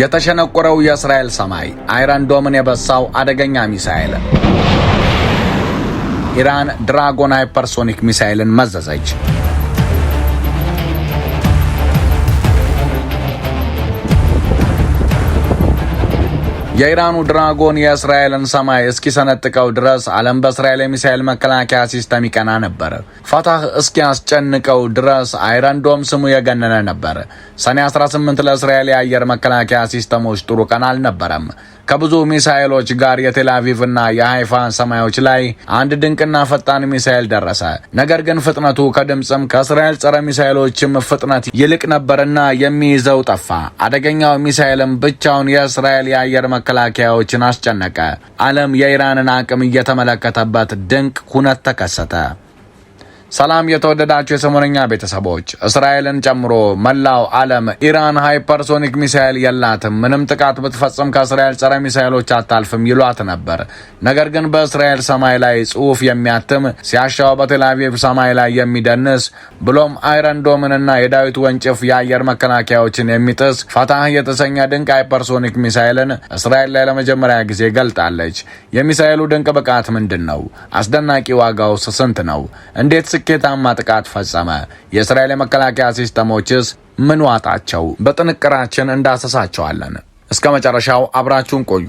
የተሸነቆረው የእስራኤል ሰማይ አይረን ዶምን የበሳው አደገኛ ሚሳኤል ኢራን ድራጎን ሃይፐርሶኒክ ሚሳኤልን መዘዘች። የኢራኑ ድራጎን የእስራኤልን ሰማይ እስኪሰነጥቀው ድረስ ዓለም በእስራኤል የሚሳኤል መከላከያ ሲስተም ይቀና ነበር። ፋታህ እስኪያስጨንቀው ድረስ አይረንዶም ስሙ የገነነ ነበር። ሰኔ 18 ለእስራኤል የአየር መከላከያ ሲስተሞች ጥሩ ቀን አልነበረም። ከብዙ ሚሳኤሎች ጋር የቴልአቪቭና የሃይፋ ሰማዮች ላይ አንድ ድንቅና ፈጣን ሚሳኤል ደረሰ። ነገር ግን ፍጥነቱ ከድምፅም ከእስራኤል ጸረ ሚሳኤሎችም ፍጥነት ይልቅ ነበርና የሚይዘው ጠፋ። አደገኛው ሚሳኤልም ብቻውን የእስራኤል የአየር መከላከያዎችን አስጨነቀ። ዓለም የኢራንን አቅም እየተመለከተበት ድንቅ ሁነት ተከሰተ። ሰላም የተወደዳችሁ የሰሞነኛ ቤተሰቦች፣ እስራኤልን ጨምሮ መላው ዓለም ኢራን ሃይፐርሶኒክ ሚሳኤል የላትም፣ ምንም ጥቃት ብትፈጽም ከእስራኤል ጸረ ሚሳኤሎች አታልፍም ይሏት ነበር። ነገር ግን በእስራኤል ሰማይ ላይ ጽሑፍ የሚያትም ሲያሻው በቴላቪቭ ሰማይ ላይ የሚደንስ ብሎም ዶምንና የዳዊት ወንጭፍ የአየር መከላከያዎችን የሚጥስ ፈታህ የተሰኘ ድንቅ ሃይፐርሶኒክ ሚሳኤልን እስራኤል ላይ ለመጀመሪያ ጊዜ ገልጣለች። የሚሳኤሉ ድንቅ ብቃት ምንድን ነው? አስደናቂ ዋጋውስ ስንት ነው? እንዴት ስኬታማ ጥቃት ፈጸመ። የእስራኤል የመከላከያ ሲስተሞችስ ምን ዋጣቸው? በጥንቅራችን እንዳሰሳቸዋለን። እስከ መጨረሻው አብራችሁን ቆዩ።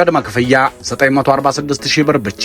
ቅድመ ክፍያ 946000 ሺህ ብር ብቻ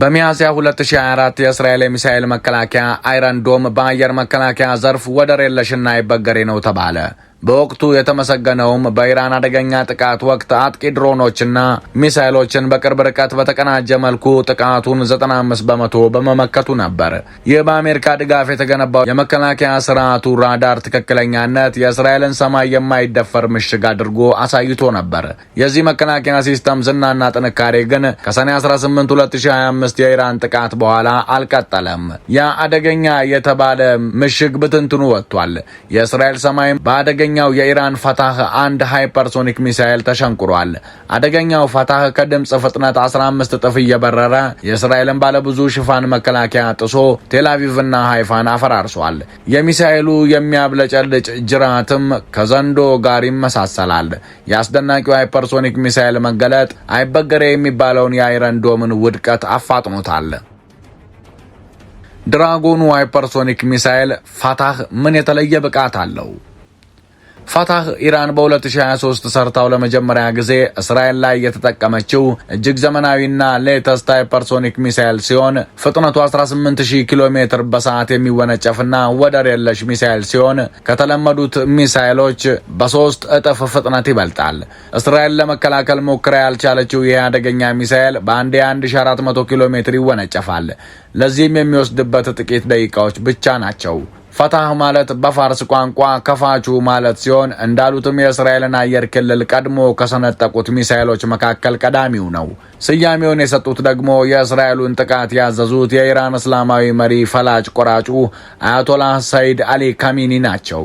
በሚያዝያ 2024 የእስራኤል የሚሳኤል መከላከያ አይረን ዶም በአየር መከላከያ ዘርፍ ወደር የለሽና አይበገሬ ነው ተባለ። በወቅቱ የተመሰገነውም በኢራን አደገኛ ጥቃት ወቅት አጥቂ ድሮኖችና ሚሳይሎችን በቅርብ ርቀት በተቀናጀ መልኩ ጥቃቱን 95 በመቶ በመመከቱ ነበር። ይህ በአሜሪካ ድጋፍ የተገነባው የመከላከያ ስርዓቱ ራዳር ትክክለኛነት የእስራኤልን ሰማይ የማይደፈር ምሽግ አድርጎ አሳይቶ ነበር። የዚህ መከላከያ ሲስተም ዝናና ጥንካሬ ግን ከሰኔ 18 2025 የኢራን ጥቃት በኋላ አልቀጠለም። ያ አደገኛ የተባለ ምሽግ ብትንትኑ ወጥቷል። የእስራኤል ሰማይ በአደገ አደገኛው የኢራን ፈታህ አንድ ሃይፐርሶኒክ ሚሳኤል ተሸንቁሯል። አደገኛው ፈታህ ከድምፅ ፍጥነት 15 እጥፍ እየበረረ የእስራኤልን ባለብዙ ሽፋን መከላከያ ጥሶ ቴላቪቭና ሃይፋን አፈራርሷል። የሚሳኤሉ የሚያብለጨልጭ ጅራትም ከዘንዶ ጋር ይመሳሰላል። የአስደናቂው ሃይፐርሶኒክ ሚሳኤል መገለጥ አይበገሬ የሚባለውን የአይረን ዶምን ውድቀት አፋጥኖታል። ድራጎኑ ሃይፐርሶኒክ ሚሳኤል ፋታህ ምን የተለየ ብቃት አለው? ፋታህ ኢራን በ2023 ሰርታው ለመጀመሪያ ጊዜ እስራኤል ላይ የተጠቀመችው እጅግ ዘመናዊና ሌተስት ሃይፐርሶኒክ ሚሳይል ሲሆን ፍጥነቱ 180 ኪሎ ሜትር በሰዓት የሚወነጨፍና ወደር የለሽ ሚሳይል ሲሆን ከተለመዱት ሚሳይሎች በሶስት እጥፍ ፍጥነት ይበልጣል። እስራኤል ለመከላከል ሞክራ ያልቻለችው ይህ አደገኛ ሚሳይል በአንዴ 1400 ኪሎ ሜትር ይወነጨፋል። ለዚህም የሚወስድበት ጥቂት ደቂቃዎች ብቻ ናቸው። ፈታህ ማለት በፋርስ ቋንቋ ከፋቹ ማለት ሲሆን እንዳሉትም የእስራኤልን አየር ክልል ቀድሞ ከሰነጠቁት ሚሳይሎች መካከል ቀዳሚው ነው። ስያሜውን የሰጡት ደግሞ የእስራኤሉን ጥቃት ያዘዙት የኢራን እስላማዊ መሪ ፈላጭ ቆራጩ አያቶላህ ሰይድ አሊ ካሚኒ ናቸው።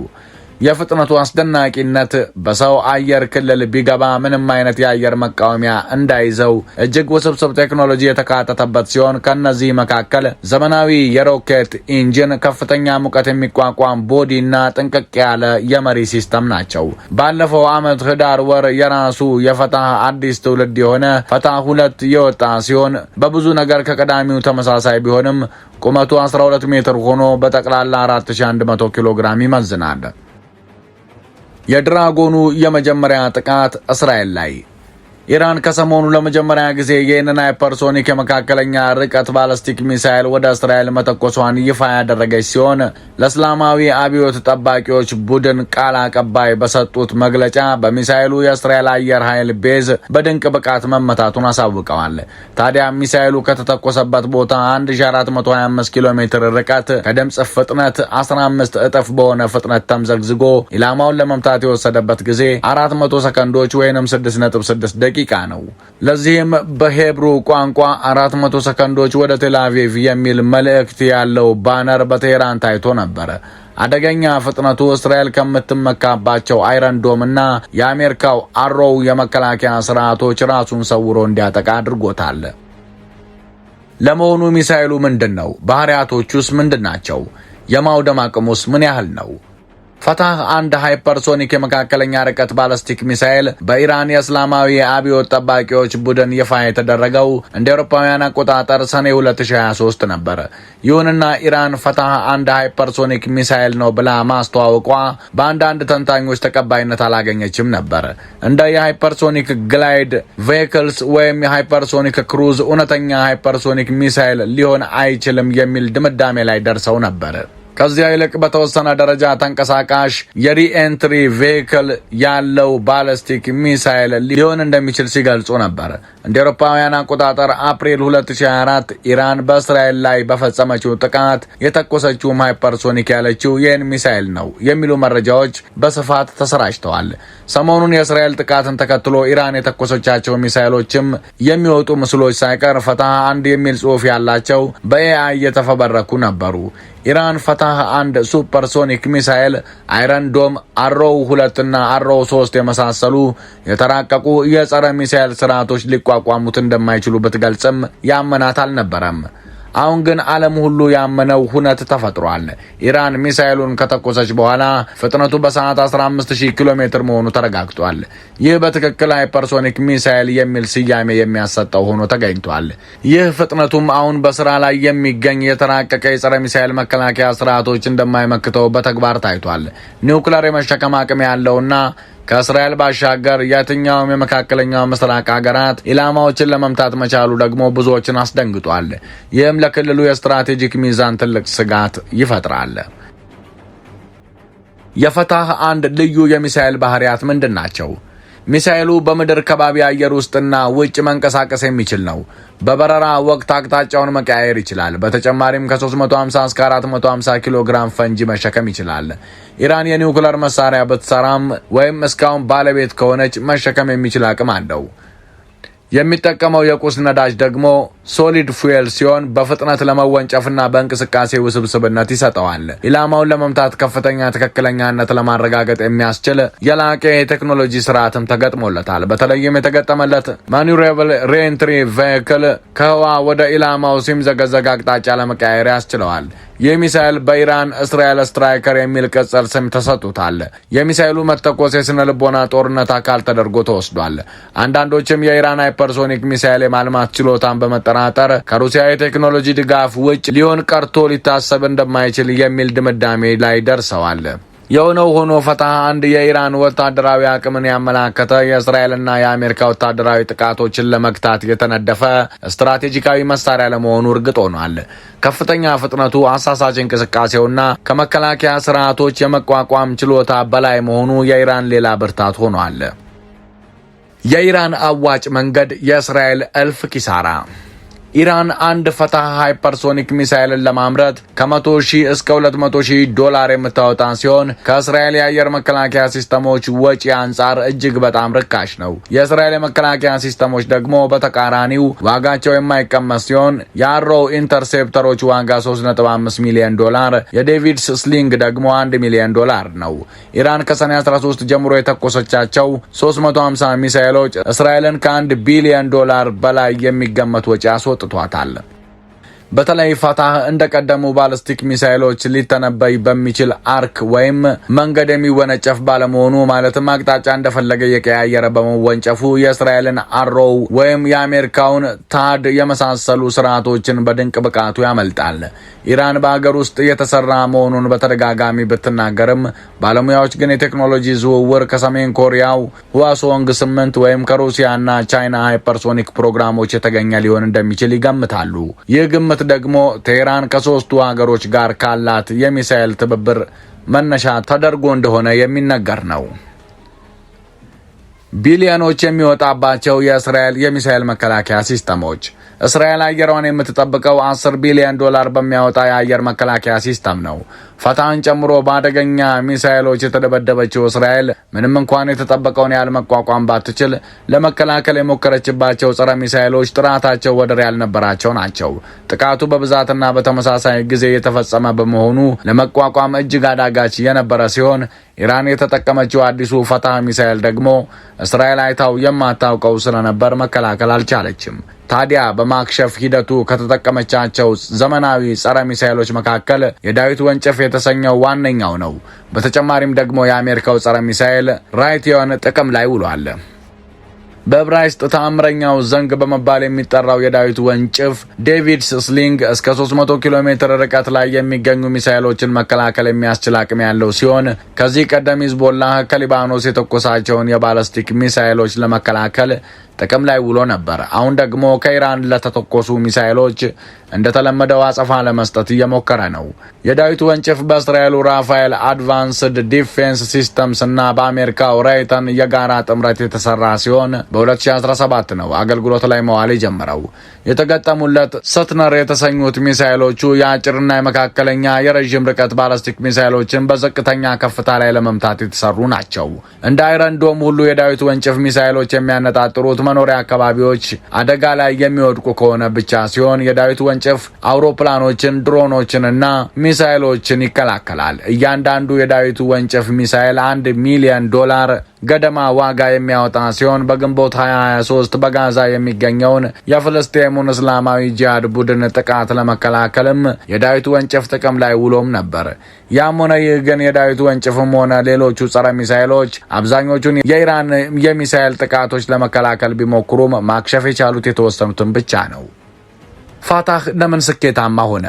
የፍጥነቱ አስደናቂነት በሰው አየር ክልል ቢገባ ምንም አይነት የአየር መቃወሚያ እንዳይዘው እጅግ ውስብስብ ቴክኖሎጂ የተካተተበት ሲሆን ከነዚህ መካከል ዘመናዊ የሮኬት ኢንጂን፣ ከፍተኛ ሙቀት የሚቋቋም ቦዲ እና ጥንቅቅ ያለ የመሪ ሲስተም ናቸው። ባለፈው ዓመት ህዳር ወር የራሱ የፈታህ አዲስ ትውልድ የሆነ ፈታህ ሁለት የወጣ ሲሆን በብዙ ነገር ከቀዳሚው ተመሳሳይ ቢሆንም ቁመቱ 12 ሜትር ሆኖ በጠቅላላ 4100 ኪሎ ግራም ይመዝናል። የድራጎኑ የመጀመሪያ ጥቃት እስራኤል ላይ ኢራን ከሰሞኑ ለመጀመሪያ ጊዜ ይህንን ሃይፐርሶኒክ የመካከለኛ ርቀት ባለስቲክ ሚሳይል ወደ እስራኤል መተኮሷን ይፋ ያደረገች ሲሆን ለእስላማዊ አብዮት ጠባቂዎች ቡድን ቃል አቀባይ በሰጡት መግለጫ በሚሳይሉ የእስራኤል አየር ኃይል ቤዝ በድንቅ ብቃት መመታቱን አሳውቀዋል። ታዲያ ሚሳይሉ ከተተኮሰበት ቦታ 1425 ኪሎ ሜትር ርቀት ከድምፅ ፍጥነት 15 እጥፍ በሆነ ፍጥነት ተምዘግዝጎ ኢላማውን ለመምታት የወሰደበት ጊዜ 400 ሰከንዶች ወይም 6.6 ደቂቃ ነው። ለዚህም በሄብሩ ቋንቋ 400 ሰከንዶች ወደ ቴላቪቭ የሚል መልእክት ያለው ባነር በቴህራን ታይቶ ነበር። አደገኛ ፍጥነቱ እስራኤል ከምትመካባቸው አይረንዶም እና የአሜሪካው አሮው የመከላከያ ስርዓቶች ራሱን ሰውሮ እንዲያጠቃ አድርጎታል። ለመሆኑ ሚሳኤሉ ምንድን ነው? ባህሪያቶቹስ ምንድን ናቸው? የማውደም አቅሙስ ምን ያህል ነው? ፈታህ አንድ ሃይፐርሶኒክ የመካከለኛ ርቀት ባለስቲክ ሚሳኤል በኢራን የእስላማዊ አብዮት ጠባቂዎች ቡድን ይፋ የተደረገው እንደ አውሮፓውያን አቆጣጠር ሰኔ 2023 ነበር። ይሁንና ኢራን ፈታህ አንድ ሃይፐርሶኒክ ሚሳኤል ነው ብላ ማስተዋወቋ በአንዳንድ ተንታኞች ተቀባይነት አላገኘችም ነበር። እንደ የሃይፐርሶኒክ ግላይድ ቬክልስ ወይም የሃይፐርሶኒክ ክሩዝ እውነተኛ ሃይፐርሶኒክ ሚሳኤል ሊሆን አይችልም የሚል ድምዳሜ ላይ ደርሰው ነበር። ከዚያ ይልቅ በተወሰነ ደረጃ ተንቀሳቃሽ የሪኤንትሪ ቬክል ያለው ባለስቲክ ሚሳይል ሊሆን እንደሚችል ሲገልጹ ነበር። እንደ አውሮፓውያን አቆጣጠር አፕሪል 2024 ኢራን በእስራኤል ላይ በፈጸመችው ጥቃት የተኮሰችውም ሃይፐርሶኒክ ያለችው ይህን ሚሳይል ነው የሚሉ መረጃዎች በስፋት ተሰራጭተዋል። ሰሞኑን የእስራኤል ጥቃትን ተከትሎ ኢራን የተኮሰቻቸው ሚሳይሎችም የሚወጡ ምስሎች ሳይቀር ፈታህ አንድ የሚል ጽሑፍ ያላቸው በኤአይ እየተፈበረኩ ነበሩ። ኢራን ፈታህ አንድ ሱፐርሶኒክ ሚሳይል፣ አይረን ዶም፣ አሮው ሁለትና አሮው ሶስት የመሳሰሉ የተራቀቁ የጸረ ሚሳይል ስርዓቶች ሊቋቋሙት እንደማይችሉ ብትገልጽም ያመናት አልነበረም። አሁን ግን ዓለም ሁሉ ያመነው ሁነት ተፈጥሯል። ኢራን ሚሳኤሉን ከተኮሰች በኋላ ፍጥነቱ በሰዓት 15000 ኪሎ ሜትር መሆኑ ተረጋግጧል። ይህ በትክክል ሃይፐርሶኒክ ሚሳኤል የሚል ስያሜ የሚያሰጠው ሆኖ ተገኝቷል። ይህ ፍጥነቱም አሁን በስራ ላይ የሚገኝ የተራቀቀ የጸረ ሚሳኤል መከላከያ ስርዓቶች እንደማይመክተው በተግባር ታይቷል። ኒውክለር የመሸከም አቅም ያለውና ከእስራኤል ባሻገር የትኛውም የመካከለኛው ምስራቅ ሀገራት ኢላማዎችን ለመምታት መቻሉ ደግሞ ብዙዎችን አስደንግጧል። ይህም ለክልሉ የስትራቴጂክ ሚዛን ትልቅ ስጋት ይፈጥራል። የፈታህ አንድ ልዩ የሚሳኤል ባህሪያት ምንድን ናቸው? ሚሳኤሉ በምድር ከባቢ አየር ውስጥና ውጭ መንቀሳቀስ የሚችል ነው። በበረራ ወቅት አቅጣጫውን መቀያየር ይችላል። በተጨማሪም ከ350 እስከ 450 ኪሎ ግራም ፈንጂ መሸከም ይችላል። ኢራን የኒውክለር መሳሪያ ብትሰራም ወይም እስካሁን ባለቤት ከሆነች መሸከም የሚችል አቅም አለው። የሚጠቀመው የቁስ ነዳጅ ደግሞ ሶሊድ ፉዌል ሲሆን በፍጥነት ለመወንጨፍና በእንቅስቃሴ ውስብስብነት ይሰጠዋል። ኢላማውን ለመምታት ከፍተኛ ትክክለኛነት ለማረጋገጥ የሚያስችል የላቀ የቴክኖሎጂ ስርዓትም ተገጥሞለታል። በተለይም የተገጠመለት ማኒሬብል ሬንትሪ ቬክል ከህዋ ወደ ኢላማው ሲምዘገዘግ አቅጣጫ ለመቀያየር ያስችለዋል። ይህ ሚሳይል በኢራን እስራኤል ስትራይከር የሚል ቅጽል ስም ተሰጥቶታል። የሚሳይሉ መተኮስ የስነ ልቦና ጦርነት አካል ተደርጎ ተወስዷል። አንዳንዶችም የኢራን ሱፐርሶኒክ ሚሳይል የማልማት ችሎታን በመጠራጠር ከሩሲያ የቴክኖሎጂ ድጋፍ ውጭ ሊሆን ቀርቶ ሊታሰብ እንደማይችል የሚል ድምዳሜ ላይ ደርሰዋል። የሆነው ሆኖ ፈታህ አንድ የኢራን ወታደራዊ አቅምን ያመላከተ የእስራኤልና የአሜሪካ ወታደራዊ ጥቃቶችን ለመግታት የተነደፈ ስትራቴጂካዊ መሳሪያ ለመሆኑ እርግጥ ሆኗል። ከፍተኛ ፍጥነቱ፣ አሳሳች እንቅስቃሴውና ከመከላከያ ስርዓቶች የመቋቋም ችሎታ በላይ መሆኑ የኢራን ሌላ ብርታት ሆኗል። የኢራን አዋጭ መንገድ የእስራኤል እልፍ ኪሳራ ኢራን አንድ ፈታህ ሃይፐርሶኒክ ሚሳይልን ለማምረት ከመቶ ሺህ እስከ ሁለት መቶ ሺህ ዶላር የምታወጣ ሲሆን ከእስራኤል የአየር መከላከያ ሲስተሞች ወጪ አንጻር እጅግ በጣም ርካሽ ነው። የእስራኤል የመከላከያ ሲስተሞች ደግሞ በተቃራኒው ዋጋቸው የማይቀመስ ሲሆን የአሮ ኢንተርሴፕተሮች ዋጋ 3.5 ሚሊዮን ዶላር፣ የዴቪድስ ስሊንግ ደግሞ 1 ሚሊዮን ዶላር ነው። ኢራን ከሰኔ 13 ጀምሮ የተኮሰቻቸው 350 ሚሳይሎች እስራኤልን ከ ከ1 ቢሊዮን ዶላር በላይ የሚገመት ወጪ አስወጥ አውጥቷታል። በተለይ ፈታህ እንደቀደሙ ባለስቲክ ሚሳይሎች ሊተነበይ በሚችል አርክ ወይም መንገድ የሚወነጨፍ ባለመሆኑ ማለትም አቅጣጫ እንደፈለገ የቀያየረ በመወንጨፉ የእስራኤልን አሮው ወይም የአሜሪካውን ታድ የመሳሰሉ ስርዓቶችን በድንቅ ብቃቱ ያመልጣል። ኢራን በሀገር ውስጥ የተሰራ መሆኑን በተደጋጋሚ ብትናገርም ባለሙያዎች ግን የቴክኖሎጂ ዝውውር ከሰሜን ኮሪያው ህዋሶንግ ስምንት ወይም ከሩሲያና ቻይና ሃይፐርሶኒክ ፕሮግራሞች የተገኘ ሊሆን እንደሚችል ይገምታሉ። ይህ ግምት ደግሞ ቴህራን ከሶስቱ ሀገሮች ጋር ካላት የሚሳኤል ትብብር መነሻ ተደርጎ እንደሆነ የሚነገር ነው። ቢሊዮኖች የሚወጣባቸው የእስራኤል የሚሳኤል መከላከያ ሲስተሞች እስራኤል አየሯን የምትጠብቀው 10 ቢሊዮን ዶላር በሚያወጣ የአየር መከላከያ ሲስተም ነው። ፈታን ጨምሮ በአደገኛ ሚሳይሎች የተደበደበችው እስራኤል ምንም እንኳን የተጠበቀውን ያህል መቋቋም ባትችል ለመከላከል የሞከረችባቸው ጸረ ሚሳይሎች ጥራታቸው ወደር ያልነበራቸው ናቸው። ጥቃቱ በብዛትና በተመሳሳይ ጊዜ የተፈጸመ በመሆኑ ለመቋቋም እጅግ አዳጋች የነበረ ሲሆን ኢራን የተጠቀመችው አዲሱ ፈታ ሚሳይል ደግሞ እስራኤል አይታው የማታውቀው ስለነበር መከላከል አልቻለችም። ታዲያ በማክሸፍ ሂደቱ ከተጠቀመቻቸው ዘመናዊ ጸረ ሚሳይሎች መካከል የዳዊት ወንጭፍ የተሰኘው ዋነኛው ነው። በተጨማሪም ደግሞ የአሜሪካው ጸረ ሚሳይል ራይትዮን ጥቅም ላይ ውሏል። በዕብራይስጥ ተአምረኛው ዘንግ በመባል የሚጠራው የዳዊት ወንጭፍ ዴቪድ ስሊንግ እስከ 300 ኪሎ ሜትር ርቀት ላይ የሚገኙ ሚሳይሎችን መከላከል የሚያስችል አቅም ያለው ሲሆን ከዚህ ቀደም ሂዝቦላህ ከሊባኖስ የተኮሳቸውን የባለስቲክ ሚሳይሎች ለመከላከል ጥቅም ላይ ውሎ ነበር። አሁን ደግሞ ከኢራን ለተተኮሱ ሚሳይሎች እንደተለመደው አጸፋ ለመስጠት እየሞከረ ነው። የዳዊት ወንጭፍ በእስራኤሉ ራፋኤል አድቫንስድ ዲፌንስ ሲስተምስ እና በአሜሪካው ራይተን የጋራ ጥምረት የተሰራ ሲሆን በ2017 ነው አገልግሎት ላይ መዋል የጀመረው። የተገጠሙለት ሰትነር የተሰኙት ሚሳይሎቹ የአጭርና የመካከለኛ የረዥም ርቀት ባላስቲክ ሚሳይሎችን በዝቅተኛ ከፍታ ላይ ለመምታት የተሰሩ ናቸው። እንደ አይረንዶም ሁሉ የዳዊት ወንጭፍ ሚሳይሎች የሚያነጣጥሩት መኖሪያ አካባቢዎች አደጋ ላይ የሚወድቁ ከሆነ ብቻ ሲሆን የዳዊት ወንጭፍ አውሮፕላኖችን፣ ድሮኖችንና ሚሳይሎችን ይከላከላል። እያንዳንዱ የዳዊቱ ወንጭፍ ሚሳይል አንድ ሚሊዮን ዶላር ገደማ ዋጋ የሚያወጣ ሲሆን በግንቦት 2023 በጋዛ የሚገኘውን የፍልስጤሙን እስላማዊ ጂሃድ ቡድን ጥቃት ለመከላከልም የዳዊት ወንጭፍ ጥቅም ላይ ውሎም ነበር። ያም ሆነ ይህ ግን የዳዊት ወንጭፍም ሆነ ሌሎቹ ጸረ ሚሳይሎች አብዛኞቹን የኢራን የሚሳይል ጥቃቶች ለመከላከል ቢሞክሩም ማክሸፍ የቻሉት የተወሰኑትን ብቻ ነው። ፋታህ ለምን ስኬታማ ሆነ?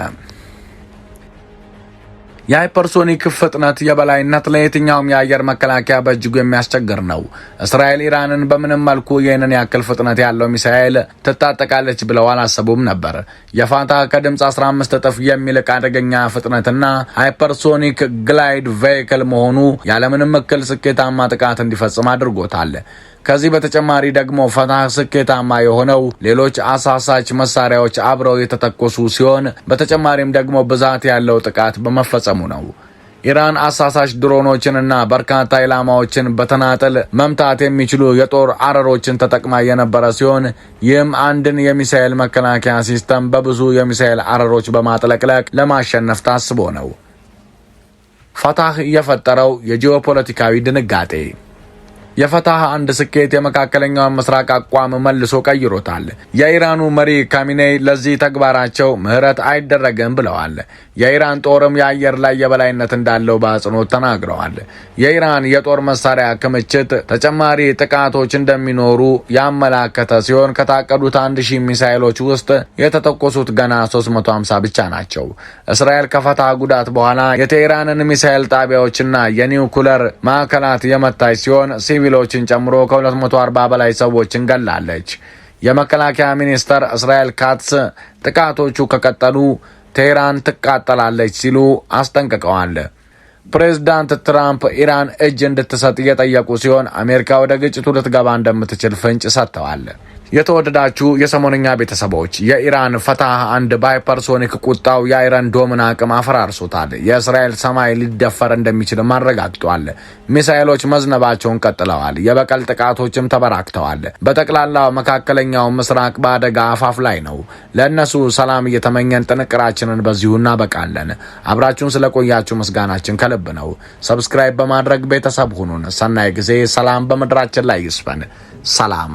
የሃይፐርሶኒክ ፍጥነት የበላይነት ለየትኛውም የአየር መከላከያ በእጅጉ የሚያስቸግር ነው። እስራኤል ኢራንን በምንም መልኩ ይህንን ያክል ፍጥነት ያለው ሚሳኤል ትታጠቃለች ብለው አላሰቡም ነበር። የፋታ ከድምፅ 15 እጥፍ የሚልቅ አደገኛ ፍጥነትና ሃይፐርሶኒክ ግላይድ ቬይክል መሆኑ ያለምንም እክል ስኬታማ ጥቃት እንዲፈጽም አድርጎታል። ከዚህ በተጨማሪ ደግሞ ፈታህ ስኬታማ የሆነው ሌሎች አሳሳች መሳሪያዎች አብረው የተተኮሱ ሲሆን በተጨማሪም ደግሞ ብዛት ያለው ጥቃት በመፈጸሙ ነው። ኢራን አሳሳች ድሮኖችንና በርካታ ኢላማዎችን በተናጠል መምታት የሚችሉ የጦር አረሮችን ተጠቅማ የነበረ ሲሆን ይህም አንድን የሚሳኤል መከላከያ ሲስተም በብዙ የሚሳኤል አረሮች በማጥለቅለቅ ለማሸነፍ ታስቦ ነው። ፈታህ የፈጠረው የጂኦፖለቲካዊ ድንጋጤ የፈታህ አንድ ስኬት የመካከለኛውን ምስራቅ አቋም መልሶ ቀይሮታል። የኢራኑ መሪ ካሚኔይ ለዚህ ተግባራቸው ምህረት አይደረግም ብለዋል። የኢራን ጦርም የአየር ላይ የበላይነት እንዳለው በአጽንኦት ተናግረዋል። የኢራን የጦር መሳሪያ ክምችት ተጨማሪ ጥቃቶች እንደሚኖሩ ያመላከተ ሲሆን ከታቀዱት አንድ ሺህ ሚሳይሎች ውስጥ የተተኮሱት ገና 350 ብቻ ናቸው። እስራኤል ከፈታህ ጉዳት በኋላ የቴህራንን ሚሳይል ጣቢያዎችና የኒውክለር ማዕከላት የመታች ሲሆን ሲቪሎችን ጨምሮ ከ240 በላይ ሰዎችን ገላለች። የመከላከያ ሚኒስተር እስራኤል ካትስ ጥቃቶቹ ከቀጠሉ ቴህራን ትቃጠላለች ሲሉ አስጠንቅቀዋል። ፕሬዝዳንት ትራምፕ ኢራን እጅ እንድትሰጥ እየጠየቁ ሲሆን አሜሪካ ወደ ግጭቱ ልትገባ እንደምትችል ፍንጭ ሰጥተዋል። የተወደዳችሁ የሰሞነኛ ቤተሰቦች የኢራን ፈታህ አንድ ባይፐርሶኒክ ቁጣው የአይረን ዶምን አቅም አፈራርሶታል። የእስራኤል ሰማይ ሊደፈር እንደሚችል አረጋግጧል። ሚሳኤሎች መዝነባቸውን ቀጥለዋል። የበቀል ጥቃቶችም ተበራክተዋል። በጠቅላላው መካከለኛው ምስራቅ በአደጋ አፋፍ ላይ ነው። ለእነሱ ሰላም እየተመኘን ጥንቅራችንን በዚሁ እናበቃለን። አብራችሁን ስለቆያችሁ ምስጋናችን ከልብ ነው። ሰብስክራይብ በማድረግ ቤተሰብ ሁኑን። ሰናይ ጊዜ። ሰላም በምድራችን ላይ ይስፈን። ሰላም